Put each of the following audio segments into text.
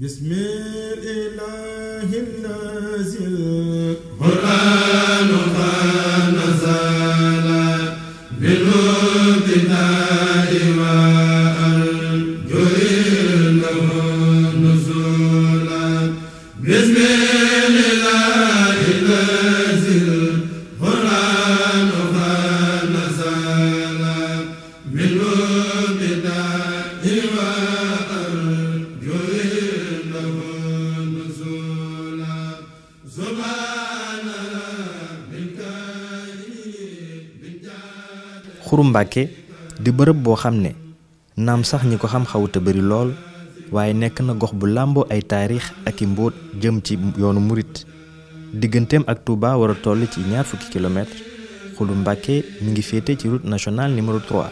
بسم الإله الذي xuru mbàkke di bërëb boo xam ne naam sax ñi ko xam xawuta bari lool waaye nekk na gox bu làmboo ay taarix aki i mbóot jëm ci yoonu murit digganteem ak Touba war a toll ci ñaar fukki kilomètre xuru mbàkke mi ngi féete ci route nationale numéro 3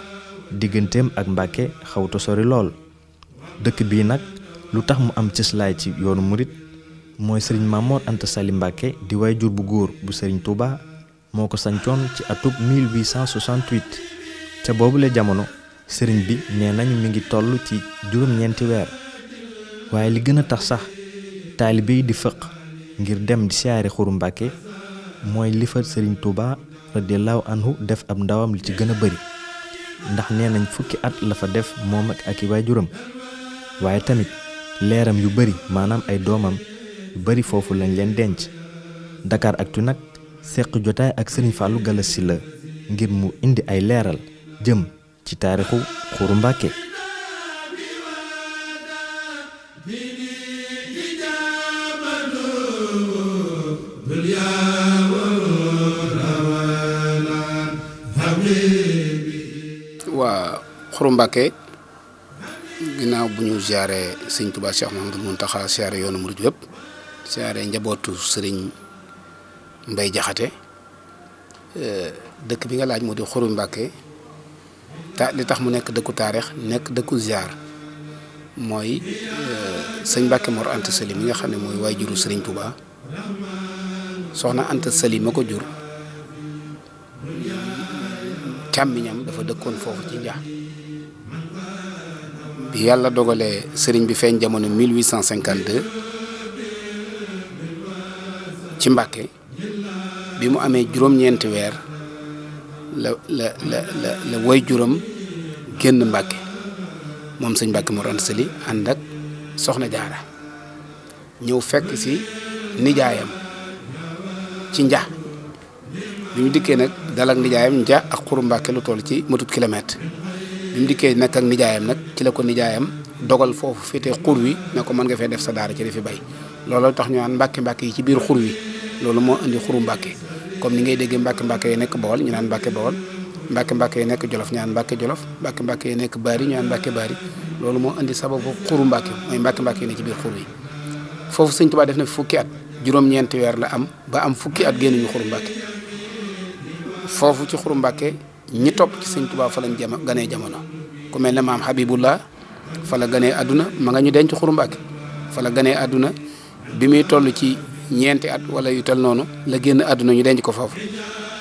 digganteem ak mbàkke xawuta sori lool dëkk bii nag lu tax mu am cëslaay ci yoonu murit mooy sëriñ Mamoor Anta Sali Mbàkke di waajur bu góor bu sëriñ Touba. moo ko sancoon ci atub 1868 ca boobule jamono sëriñ bi nee nañu mu ngi toll ci juróom-ñeenti weer waaye li gën a tax sax taalibe yi di fëq ngir dem di siyaare xuru mbàkke mooy li fa sëriñ Touba radiallahu anhu def ab ndawam li ci gën a bari ndax nee nañ fukki at la fa def moom ak ak i waajuram waaye tamit leeram yu bari maanaam ay doomam yu bari foofu lañ leen denc Dakaractu nag seq jotaay ak sëriñ Fallou Galass la ngir mu indi ay leeral jëm ci taarixu Khourou Mbacké waa Khourou Mbacké ginnaaw bu ñu ziare sëñ Touba Cheikh Mahamadou Mountakha ziare yoonu murid yëpp ziare njabootu sëriñ Mbay Jaxate euh, dëkk bi nga laaj moo de Xuru Mbàkke ta li tax mu nekk dëkku taarix nekk dëkku zear mooy euh, sëñ Mbàkke moor Anta Sali mi nga xam ne mooy waajuru Sëriñ Tuubaa soxna Anta Sali ma ko jur càmmiñam dafa dëkkoon foofu ci njax bi yàlla dogale sëriñ bi feeñ jamono 1852 ci Mbàkke bi mu amee juróom-ñeenti weer la la la la la woy juróom génn Mbàkke moom sëñ Mbàkke Mor Anta Sali ànd ak soxna jaara ñëw fekk si nijaayam ci nja bi mu dikkee nag dal ak nijaayam nja ak xuru Mbàkke lu toll ci matub kilomètre bi mu dikkee nag ak nijaayam nag ci la ko nijaayam dogal foofu féetee xur wi ne ko mën nga fee def sa daara ci defi bay looloo tax ñu naan mbàkki mbàkki yi ci biir xur wi loolu moo indi xuru mbàkke comme ni ngay déggee mbàkke mbàkke yi nekk bawol ñu naan mbàkke bawol mbàkke mbàkke yi nekk jolof ñu naan mbàkke jolof mbàkke mbàkke yi nekk baari ñu naan mbàkke baari loolu moo indi sababu xuru mbàkke mooy mbàkke mbàkke yi nekk ci biir xur yi foofu sëñ Tuubaa def na fukki at juróom-ñeenti weer la am ba am fukki at génn ñu xuru mbàkke foofu ci xuru mbàkke ñi topp ci sëñ Tuubaa fa lañ jama ganee jamono ku mel ne maam Habibullah fa la ganee aduna ma nga ñu denc xuru mbàkke fa la ganee aduna bi muy toll ci ñeenti at wala yu tel noonu la génn àdduna ñu denc ko foofu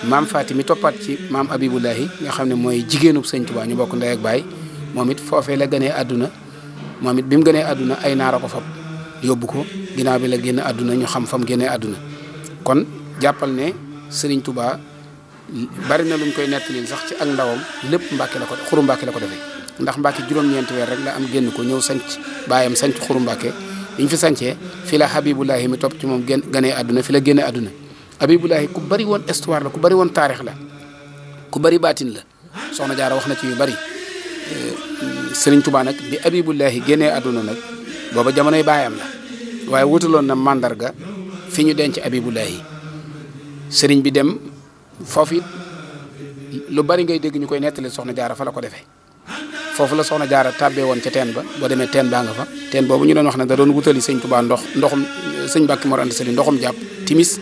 maam Faati mi toppaat ci maam Abibulahi nga xam ne mooy jigéenub sëñ Tuubaa ñu bokk ndey ak baay moom it foofee la gënee àdduna moom bi mu gënee àdduna ay naara ko fab yóbbu ko ginnaaw bi la génn àdduna ñu xam fa mu génnee àdduna kon jàppal ne sëriñ Tuubaa bari na lu ñu koy nettali sax ci ak ndawam lépp Mbàkke la ko xuru Mbàkke la ko defee ndax Mbàkke juróom-ñeenti weer rek la am génn ko ñëw sanc baayam sanc xuru Mbàkke bi ñu fi sancee fi la Habibulaahi mi topp ci moom gën ganee àdduna fi la génne àdduna Habibulaahi ku bari woon histoire la ku bari woon taarix la ku bari baatin la soxna jaara wax na ci yu bari eh, Sëriñ Tuubaa nag bi Habibulaahi génne àdduna nag booba jamonoy baayam la waaye wutaloon na màndarga fi ñu denc Habibulaahi sëriñ bi dem foofu lu bari ngay dégg ñu koy nettalee soxna jaara fa la ko defee foofu la soxna jaara tàbbee woon ca teen ba boo demee teen baa nga ten bobu ñu doon wax ne da doon wutali sëñ Touba ndox ndoxum sëñ Mbàkke Mor Anta Sali ndoxum jàpp timis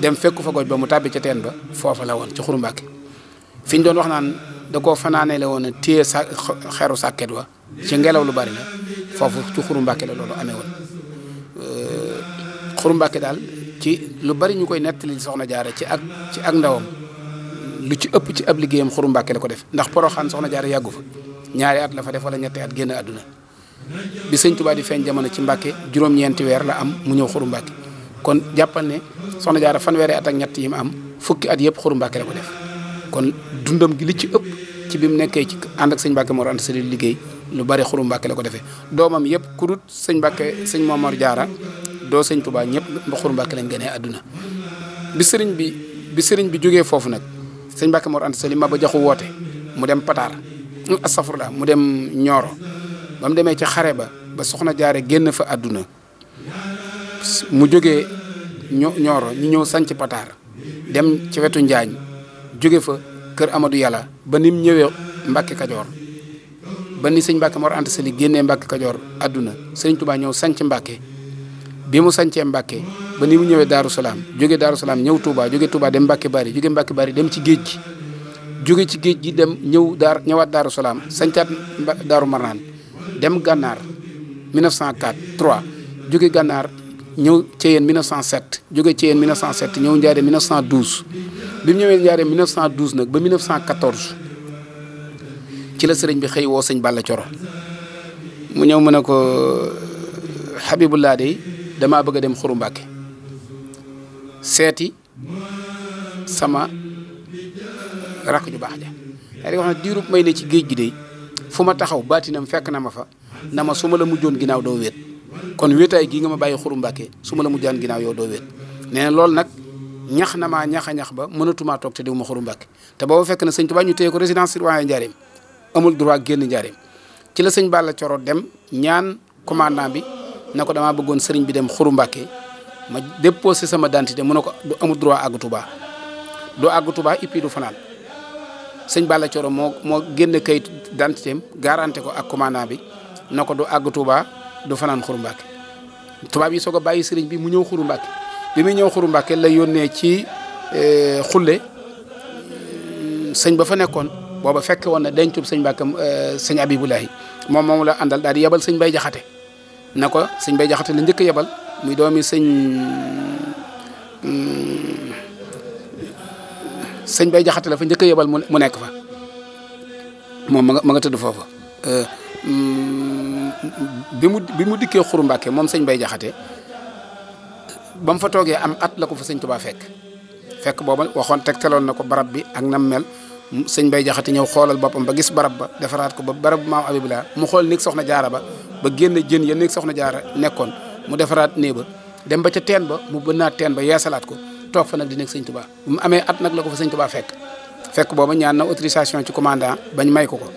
dem fekku fa goj ba mu tàbbi ci ten ba foofa la woon ci xuru Mbàkke fiñ doon wax naan da ko fanane la woon tie sa xéru sàkket wa ci ngelaw lu bari la foofu ci xuru Mbàkke la loolu amee euh xuru Mbàkke daal ci lu bari ñu koy nettali soxna jaare ci ak ci ak ndawam lu ci ëpp ci ab liggéeyam xuru Mbàkke la ko def ndax poroxaan soxna jaare yàggu fa ñaari at la fa def wala ñetti at génn aduna bi sëñ Tuubaa di feeñ jamono ci Mbàkke juróom-ñeenti weer la am mu ñëw xuru Mbàkke kon jàppal ne soxna Jaara fanweeri at ak ñett yi mu am fukki at yëpp xuru Mbàkke la ko def kon dundam gi li ci ëpp ci bi mu nekkee ci ànd ak sëñ Mbàkke Mor Anta liggéey lu bari xuru Mbàkke la ko defee doomam yëpp ku dut sëñ Mbàkke sëñ Momar Jaara doo sëñ Tuubaa ñëpp xuru Mbàkke lañ gënee àdduna bi sëriñ bi bi sëriñ bi jógee foofu nag sëñ Mbàkke Mor Anta Sali ma ba jaxu woote mu dem Pataar astafurlah mu dem Ñooro bam demee ca xare ba ba soxna jaare génn fa àdduna mu jóge ño ñooro ñu ñëw sanc pataar dem ci wetu njaañ jóge fa kër Amadou Yàlla ba nim ñëwee Mbàkke Kajoor ba ni sëñ Mbàkke Mor Anta Sali génnee Mbàkke Kajoor àdduna sëñ Tuubaa ñëw sanc Mbàkke bi mu sancee Mbàkke ba ni mu ñëwee Daaru Salaam jóge Daaru Salaam ñëw Touba jóge Touba dem Mbàkke Bari jóge Mbàkke Bari dem ci géej jóge ci géej gi dem ñëw daar ñëwaat Daaru Salaam sancaat Daaru Marnaan dem gànnaar 1904 3 jóge gànnaar ñëw Thiéyène 1907 jóge Thiéyène 1907 ñëw Njaaréem 1912 bi mu ñëwee Njaaréem 1912 nag ba 1914 ci la sëriñ bi xëy woo sëñ Balla Coro mu ñëw mu ne ko Habibullah de damaa bëgg a dem Xuru Mbàkke seeti sama rakk ju baax ja. yaa ngi wax ne may ne ci géej gi de. fuma taxaw batinam fekk na ma fa na ma suma la mujjon ginaaw do wet kon wetay gi nga ma baye xuru bakke suma la mujjan ginaaw yo do wet nee lol nak ñax na ma ñaxa ñax ba mënatumaa tok te di ma xuru bakke te fekk na tuba ñu ko residence amul droit genn njaareem ci la sëñ Balla cioro dem ñaan commandant bi nako dama damaa bëggoon bi dem bakke ma déposé sama dentité mu amul droit àgg tuba do àgg tuba ipi du fanal sëñ Balla Coro moo moo génn kayit d'identité am ko ak commandant bi nako du àgg Touba du fanaan Xuru tubaab yi soog a bàyyi sëriñ bi mu ñëw Xuru Mbàkke bi muy ñëw Xuru Mbàkke la yónnee ci eh, xulle sëñ ba fa nekkoon booba fekk woon na dencub sëñ Mbàkkam eh, sëñ Abibulahi moom moom la àndal daal di yebal Bay Jaxate na ko sëñ Bay Jaxate la njëkk yebal muy doomi sëñ mm, señ bay jaxate la fa ñëk yebal mu nekk fa mom ma nga tudd fofu euh mm, bi mu bi mu dikkee xuru Mbàkke mom señ bay jaxate bam fa toogee am at la ko fa señ tuba fekk fekk bobu waxon tek telon nako barab bi ak nam mel señ bay jaxate ñew xolal bopam ba gis barab ba defaraat ko ba barab maam abibila mu xol nek soxna jaara ba ba genn jeen ya nek soxna jaara nekkon mu defaraat neeba dem ba ca ten ba mu bëna ten ba yeesalaat ko toog fa nag di nekk sëñ mu amee at nag la ko fa sëñ Touba fekk fekk booba ñaan na autorisation ci commandant bañ may ko ko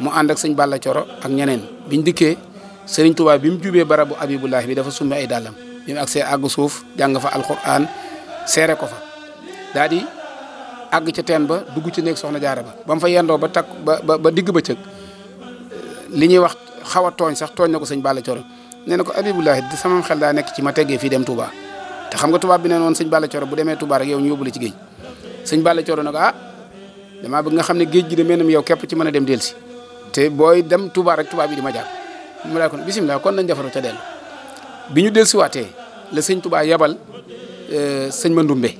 mu ànd ak sëñ Balla Coro ak ñeneen biñ dikkee sëriñ Touba bi mu jubee barabu Abibullah bi dafa summe ay dàllam bi mu agsee àgg suuf jàng fa alquran seere ko fa daa di àgg ca teen ba dugg ci néeg soxna jaara ba bam fa yendoo ba takk ba ba digg bëccëg li ñuy wax xaw a tooñ sax tooñ na ko sëñ Balla Coro nee na ko di sama xel daa nekk ci ma tegee fii dem Touba te xam nga tubaab bi ne noonu sëñ Balla Coro bu demee Touba rek yow ñu yóbbu ci géej sëñ Balla Coro nag ah damaa bëgg nga xam ne géej gi de mel yow képp ci mën a dem delsi te booy dem Touba rek tubaab bi di ma jàpp mu laa kon bisimilah nañ defaru ca dellu bi ñu delsiwaatee la sëñ yabal euh, sëñ Mandoumbe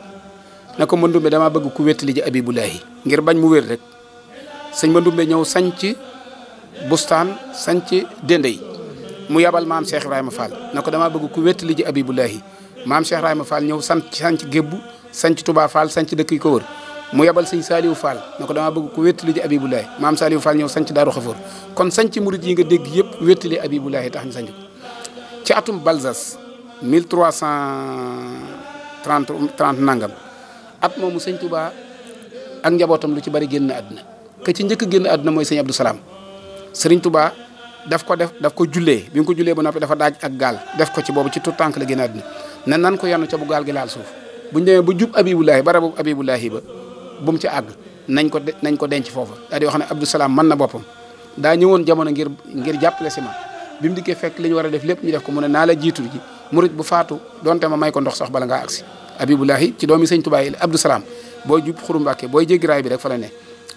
na ko Mandoumbe damaa bëgg ku wettali ji Abibulahi ngir bañ mu wér rek sëñ Mandoumbe ñëw sanc bustaan sanc dende yi mu yabal maam Cheikh ma Fall na ko damaa bëgg ku wettali ji Abibulahi maam Cheikh Rahima Fall ñëw sant sanc gébbu sanc Touba Fall sanc dëkk yi ko mu yebal sëñ Saliou Fall ne ko damaa bëgg ku wéttali ji Abibulahi maam Saliou Fall ñëw sanc Daaru Xafoor kon sanc murid yi nga dégg yëpp wéttali Abibulahi tax ñu sanc ko ci atum Balsas 1330 30 nangam at moomu sëñ Touba ak njabootam lu ci bari génn àdduna ka ci njëkk génn àdduna mooy sëñ Abdou Salaam sëriñ daf ko def daf ko jullee bi nga ko jullee ba noppi dafa daaj ak gaal def ko ci boobu ci tout tànk la gën a àdduna nan ko yenn ca bu gaal gi laal suuf buñu demee bu jub abibulahi barabu abibulahi ba bu mu ca àgg nañ ko nañ ko denc foofu daal di wax ne Salaam mën na boppam daa ñëwoon jamono ngir ngir jàppale si ma bi mu dikkee fekk li ñu war a def lépp ñu def ko mu a naa la jiitu ji murit bu faatu donte ma may ko ndox sax bala ngaa agsi abibulahi ci doomi sëñ Tuubaa yi Abdou Salaam booy jub xuru Mbàkke booy jéggi raay bi rek fa la ne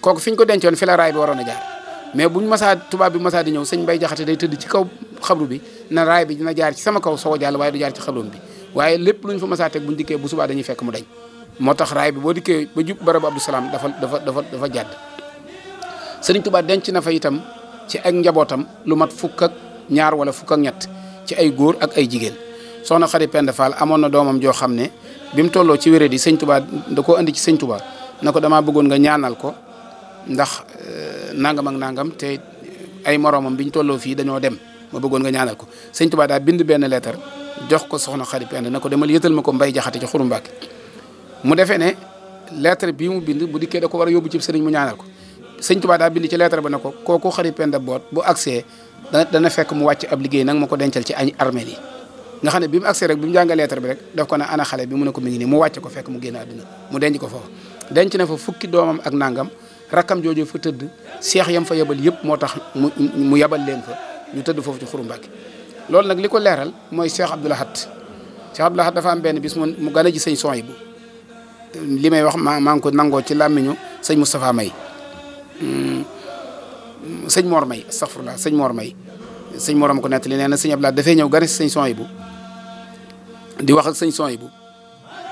kooku ko dencoon fi la raay bi waroon a jaar mais buñ masaa tubaab bi masaa di ñëw sëñ bay Jaxate day tëdd ci kaw xabru bi na raay bi dina jaar ci sama kaw soo a jàll waaye du jaar ci xabroom bi waaye lépp lu ñu fa masaa teg buñ dikkee bu subaa dañuy fekk mu dañ moo tax raay bi boo dikkee ba jub barabu Abdou Salaam dafa dafa dafa dafa jàdd sëriñ Tuubaa na fa itam ci ak njabootam lu mat fukk ak ñaar wala fukk ak ñett ci ay góor ak ay jigéen soxna Xari Pend Fall amoon na doomam joo xam ne bi tolloo ci wéree di sëñ Tuubaa da koo indi ci sëñ na ko damaa bëggoon nga ñaanal ko ndax Euh, nangam ak nangam te ay moroomam bi ñu tolloo fii dañoo dem ma bëggoon nga ñaanal ko sëñ Tuubaa bind benn lettre jox ko soxna xarit pend na ko demal yetal ma ko mbay jaxate ci xuru Mbàkke mu defee ne lettre bii mu bind bu dikkee da ko war yóbbu ci sëriñ mu ñaanal ko sëñ Tuubaa daa bind ci lettre ba ne ko kooku xarit pend boot bu accès dana dana fekk mu wàcc ab liggéey nag ma ko dencal ci añ armeel yi nga xam ne bi mu accès rek bi mu jànga bi rek def ko ne ana xale bi mu ne ko mi ngi nii mu wàcce ko fekk mu génn àdduna mu denc ko foofu denc ne fa fukki doomam ak nangam rakkam jooju fa tëdd seex yam fa yebal yëpp moo tax mu mu yebal leen fa ñu tëdd foofu ci xuru Mbàkke loolu nag li ko leeral mooy seex Abdou Lahad seex Abdou Lahad dafa am benn bis mu gën a ji sëñ Sohaybu li may wax maa maa ngi ko nangoo ci làmmiñu sëñ Moustapha May hmm. sëñ moor May astaghfirullah sëñ Mor May sëñ Mor ma ko nettali nee na sëñ Abdou Lahad dafay ñëw gane si sëñ bu di wax ak sëñ Sohaybu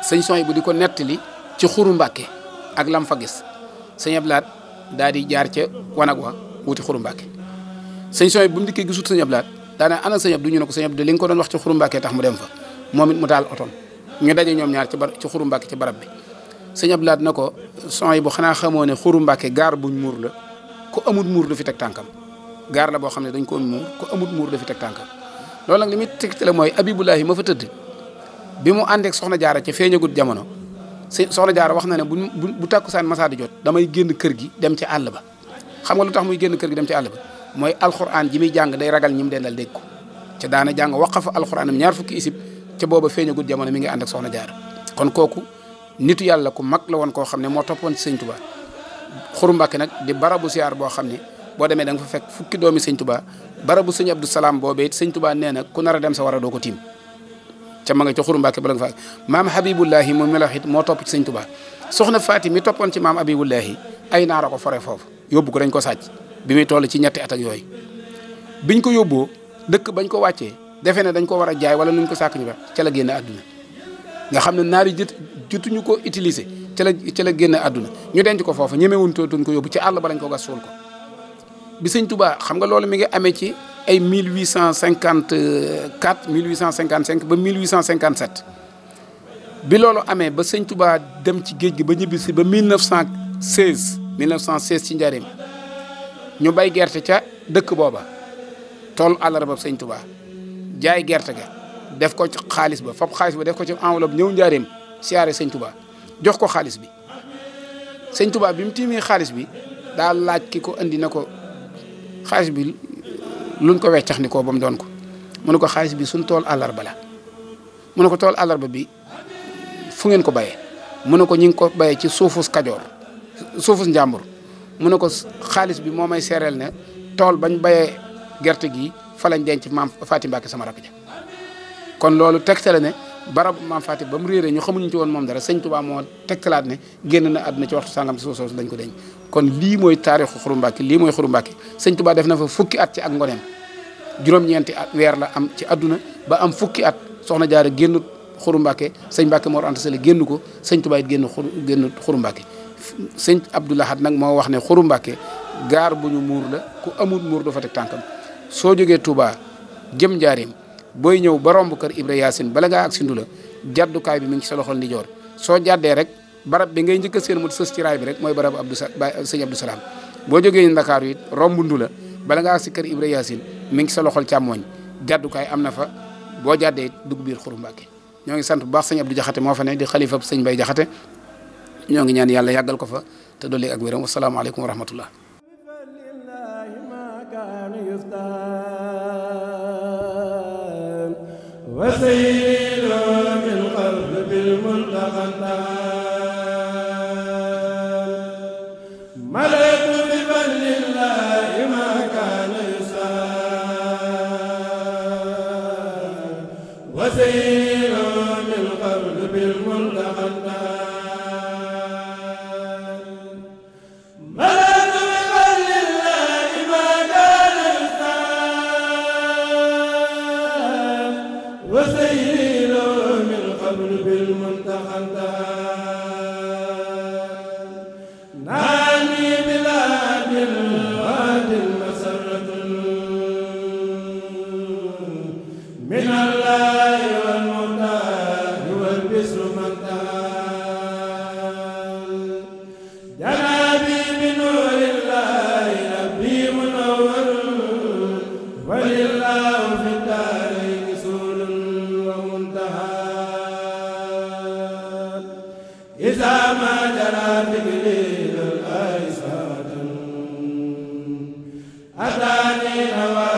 sëñ Sohaybu di ko nettali ci xuru Mbàkke ak lam fa gis sëñ Abdou Lahad daal di jaar ca wanag wa wuti Xuru Mbàkke sëñ sooy bu mu dikkee gisut sëñ Abdou Lahad daana ana sëñ Abdou ñu ne ko sëñ Abdou li nga ko doon wax ci Xuru Mbàkke tax mu dem fa moom it mu taal otom ñu daje ñoom ñaar ci bar ci Xuru Mbàkke ci barab bi sëñ Abdou Lahad na ko son yi bu xanaa xamoo ne Xuru Mbàkke gaar buñ muur la ku amul muur du fi teg tànkam gaar la boo xam ne dañ ko muur ku amul muur du fi teg tànkam loolu nag li muy tegtale mooy Abibulahi ma fa tëdd bi mu àndeek soxna jaara ca feeñagut jamono si soxna Jaara wax na ne buñ bu tàkkusaan masaa di jot damay génn kër gi dem ci àll ba xam nga lu tax muy génn kër gi dem ci àll ba mooy alxuraan ji muy jàng day ragal ñi mu dendal dégg ko ca daana jàng waqafa alxuraan am ñaar fukki isib ca booba feeñagut jamono mi ngi ànd ak soxna Jaara kon kooku nit yàlla ku mag la woon koo xam ne moo toppoon ci sëñ Tuubaa Xuru Mbàkke nag di bara bu siyaar boo xam ne boo demee da nga fa fekk fukki doomi sëñ Tuubaa barabu sëñ Abdou Salaam boobee it sëñ Tuubaa nee na ku nar dem sa war doo ko tiim ca ma nga ca xuru Mbàkke bala nga fa maam Habibullahi moom mi la mi toppoon ci maam Habibullahi ay naara ko fore foofu yóbbu ko dañ ko sàcc bi muy toll ci ñetti at ak yooyu ko yóbboo dëkk bañ ko wàccee defe ne dañ ko war a jaay wala nuñ ko sàkk ñu ba ca la génn àdduna nga xam ne naar yi jot jotuñu ko utiliser ca la ca la génn àdduna ñu denc ko foofu ñemewuñ tootuñ ko yóbbu ci àll ba lañ ko gas suul ko bi sëñ Tuubaa xam nga loolu mi ngi amee ci ay 1854 1855 ba 1857 bi loolu amee ba sëñ Touba dem ci géej gi ba ñibbi si ba 1916 1916 ci njariñ ñu bay gerte ca dëkk booba tool àllarba sëñ Touba jaay gerte ga def ko ci xaalis ba fab xaalis ba def ko ci enveloppe ñëw njaareem siyaare sëñ Touba jox ko xaalis bi sëñ tubaa bi mu tiimee xaalis bi daal laaj ki ko indi na ko xaalis bi lu luñ ko weccax ni ko ba mu doon ko mun ne ko xaalis bi suñ tool àllarba la mu ne ko tool àllarba bi fu ngeen ko bayee mu ne ko ñu ngi ko bayee ci suufus kajoor suufus njàmbur mu ne ko xaalis bi moo may seereel ne tool bañ bayee gerte gi fa lañ denc maam Fatim Mbàkke sama rab ja kon loolu tegtale ne barabu maam Faati ba mu réeree ñu xamuñu ci woon moom dara sëñ Tuubaa moo tegtalaat ne génn na àdduna ci waxtu sàngam suuf soosu dañ ko deñ kon lii mooy taarixu Xuru Mbàkke lii mooy Xuru Mbàkke sëñ Tuubaa def na fa fukki at ci ak ngoneem juróom-ñeenti at weer la am ci àdduna ba am fukki at soxna jaara génnut Xuru Mbàkke sëñ Mbàkke Mor Anta Sali génn ko sëñ Tuubaa it génn xuru génnut Xuru Mbàkke sëñ Abdou Lahad nag moo wax ne Xuru Mbàkke gaar bu ñu muur la ku amul muur du fa teg tànkam soo jógee Tuubaa jëm njaareem booy ñëw ba romb kër Ibra Yaasin bala ngaa ak si ndula jàddukaay bi mi ngi ci sa loxol ndijoor soo jàddee rek barab bi ngay njëkk a seen mu sës ci raay bi rek mooy barab Abdou sëñ Abdou Salaam boo jógee Ndakaaru it romb ndula bala ngaa ak si kër Ibra Yaasin mi ngi sa loxol càmmooñ jàddukaay am na fa boo jàddee it dugg biir xuru ñoo ngi sant bu baax sëñ Abdou moo fa ne di xalifa sëñ Bay Jaxate ñoo ngi ñaan yàlla yàggal ko fa te dolli ak wéram wasalaamaaleykum wa وسيل بالقرب بالملتقى ملأت بفضل الله ما كان يسال وسيل Adani Nawa